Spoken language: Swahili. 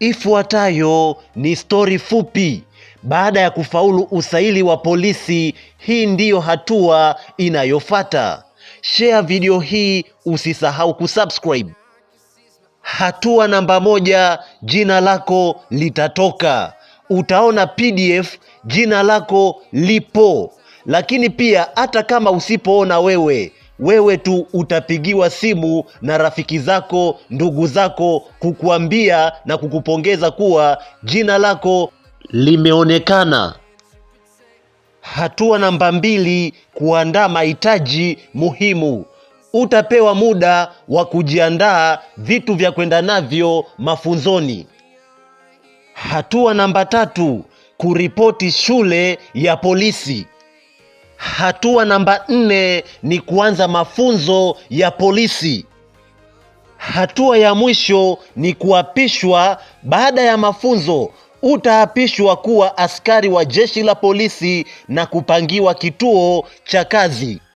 Ifuatayo ni stori fupi. Baada ya kufaulu usaili wa polisi, hii ndiyo hatua inayofata Share video hii, usisahau kusubscribe. Hatua namba moja, jina lako litatoka. Utaona PDF, jina lako lipo. Lakini pia hata kama usipoona wewe wewe tu utapigiwa simu na rafiki zako, ndugu zako, kukuambia na kukupongeza kuwa jina lako limeonekana. Hatua namba mbili, kuandaa mahitaji muhimu. Utapewa muda wa kujiandaa vitu vya kwenda navyo mafunzoni. Hatua namba tatu, kuripoti shule ya polisi. Hatua namba nne ni kuanza mafunzo ya polisi. Hatua ya mwisho ni kuapishwa. Baada ya mafunzo, utaapishwa kuwa askari wa jeshi la polisi na kupangiwa kituo cha kazi.